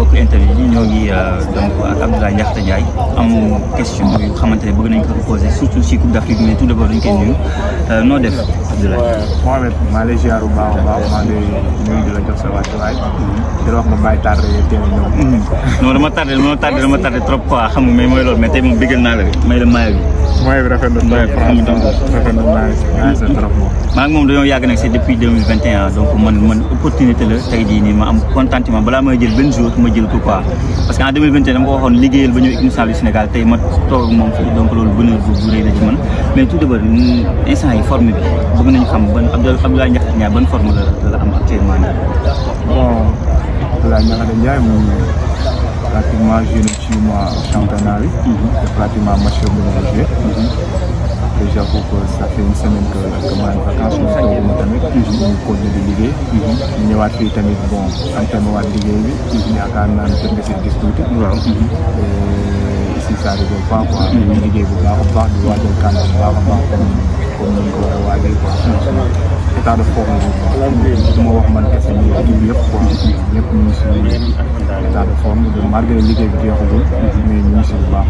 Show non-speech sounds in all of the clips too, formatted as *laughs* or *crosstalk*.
mbokk interview yi ñoo ngi euh, donc ak Abdoulaye Ndiakhate Ndiaye am question yu xamante ne bëgg nañ ko poser surtout si Coupe d'Afrique mais tout d'abord dañ koy nuyu euh, noo def Abdoulaye. Mohamed maa lay ziar bu baax a baax maa lay nuyu di la jox sa mm-hmm. a mm-hmm. xam nga mais loolu mais tey moom bëggal naa la may la maaya bi. mooy bi rafet na trop franchement moom. maa ngi moom dañoo yàgg nag c'est depuis deux mille vingt et un donc man man opportunité la tey jii nii ma am contentement balaa may jël benn jour ma jël ko quoi. parce que en deux mille vingt et dama ko waxoon liggéeyal ba ñëw équipe nationale du Sénégal tey ma toog moom fii donc loolu bonheur bu bu rëy la ci man mais tout d'abord instant yi forme bi bëgg nañu xam ban Abdoulaye Ndiakhate Ndiaye ban forme la la am actuellement nii. bon Abdoulaye Ndiakhate Ndiaye pratiquement joué nañ ci mois championnat bi. Mhm. te pratiquement match yooyu la ñu joué. te j'avoue que ça fait une semaine que que maa ngi vacances ñu toog ma tamit. ñu continuer di liggéey. ñu ñëwaat fii tamit bon entamé waat liggéey bi. yaakaar naa ne jot nga si gis tuuti. waaw si ça rigole pas quoi. ñu liggéey bu baax a baax di waajal kan bu baax a baax comme comme ni ñu ko war a waajal quoi. Mhm. état de forme bi. du ma wax man kese bi yëpp quoi. ñëpp ñu ngi suñu malgré liggéey bi jeexagul. mais ñu a baax.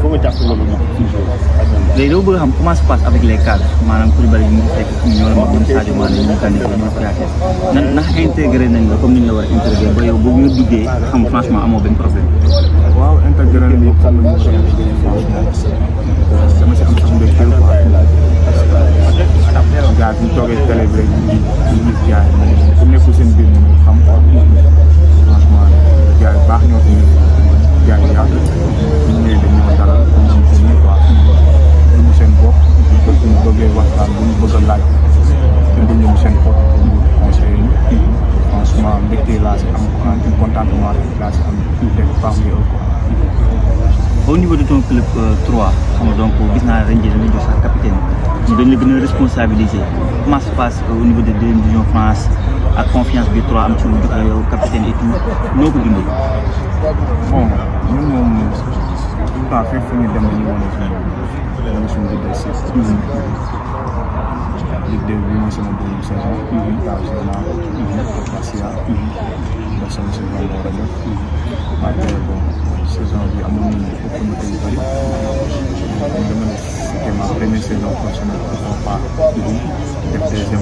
foo ko jàpp loolu moom. léegi xam comment ça se a intégré si am sax mbégte quoi gars bi ñu toogee télé bi rek ñu seen biir ñu xam. baax ñoo fi gars yi yàgg ñu ñëwee dañ ñoo dalal comme suñu suñu quoi duñu seen bopp buñu bëggee waxtaan buñu bëgg a laaj indi ñu seen bopp ñu conseillé ñu franchement mbégte laa si am un contentement laa si am def parmi eux quoi au niveau de ton club 3 xam nga donc gis naa ren jii dañuy jox sax capitaine ñu dañ la gën a responsabilisé comment se passe euh, au niveau de deuxième division France ak confiance bi trois am ci lu jox yow capitaine et tout noo ko dundee. bon ñun moom tout le temps fépp fu ñu dem dañuy wane suñu wane suñu leadership. Ligue 2 bi mooy sama deuxième saison. waaw gis naa ko. parce que ndax sama saison boo ko def. après bon saison bi amoon nañu opportunité yu bëri. Mm-hmm. dama ne c'était ma première saison professionnelle. Et les de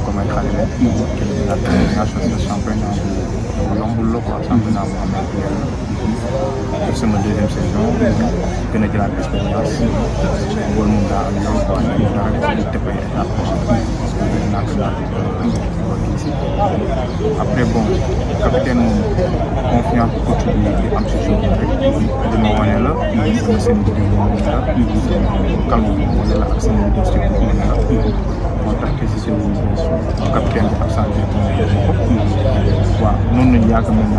pour sama deuxième saison gën a jëlaat expérience loolu moom daa am yoon quoi ñu nar a tëpp ay étape parce que naag après bon capitaine moom confiance bu coach am si suuf rek li ma la sama seen la calme bi ma wane la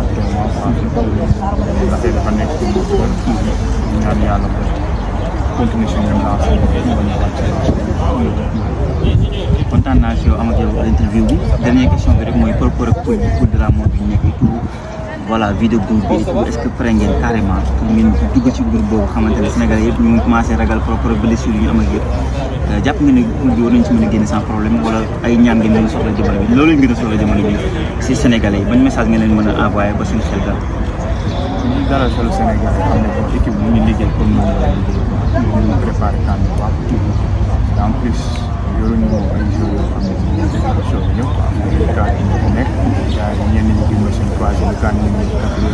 ndax tey dafa nekk suñu bëggoon ñaan yàlla kontaan naa si yow am ak interview bi dernière question bi rek mooy par rapport ak pour pour de la mode bi ñu nekk et tout voilà groupe bi et tout que pare ngeen carrément pour ngeen dugg ci groupe boobu xamante ne Sénégal yëpp ñu ngi commencé ragal par rapport ak blessure yi ñu am ak yëpp euh, jàpp nga ne groupe war nañ ci mën a génn sans problème wala ay ñaan ngeen mën a soxla jamono bi loolu lañ gën a soxla jamono bi si Sénégalais yi ban message ngeen leen mën a envoyé ba suñu xel dara solo Sénégal xam ne comme équipe bu ñu liggéey comme noonu la ñu ñu préparé kan bu baax te en plus yoruñu ay joueurs yoo xam ne ci ñoom dañu ko sori ñëpp am na ay cas yu ñu ko nekk gars yi ñenn ñi gis nga seen troisième cas ñenn ñi quatrième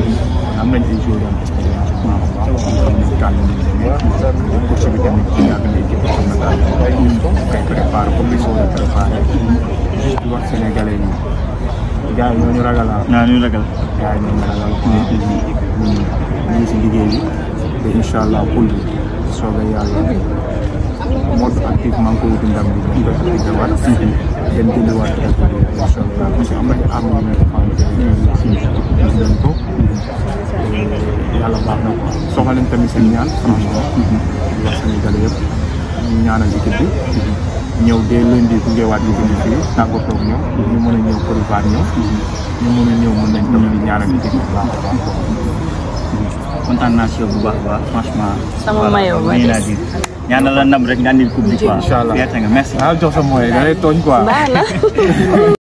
ñi gars yi ñu ngi dalal ñu ngi ñu si liggéey bi te incha allah pour soobee yàlla mode active maa ngi ko wuti ndam bi ñu koy activé waat dem jëndi waat quelque bi incha allah parce que am nañu arme yu nekk xamante ne gis nañ ko yàlla baax na ko soxla nañ tamit seen ñaan franchement di wax Sénégalais yëpp ñu ñaanal équipe bi ñëw dès lundi bu ngeewaat ñu bind fii tàggatoo ak ñoom ñu mën a ñëw pour vaar ñoom ñu mun a ñëw mun nañ tam di ñaanal équipe bu baax a baax kontaan yow bu baax a baax franchement. sama mayo ba des ñaanal la ndam rek nga andil coupe bi quoi. incha allah merci. waaw jox sa mooy da lay tooñ quoi. *laughs*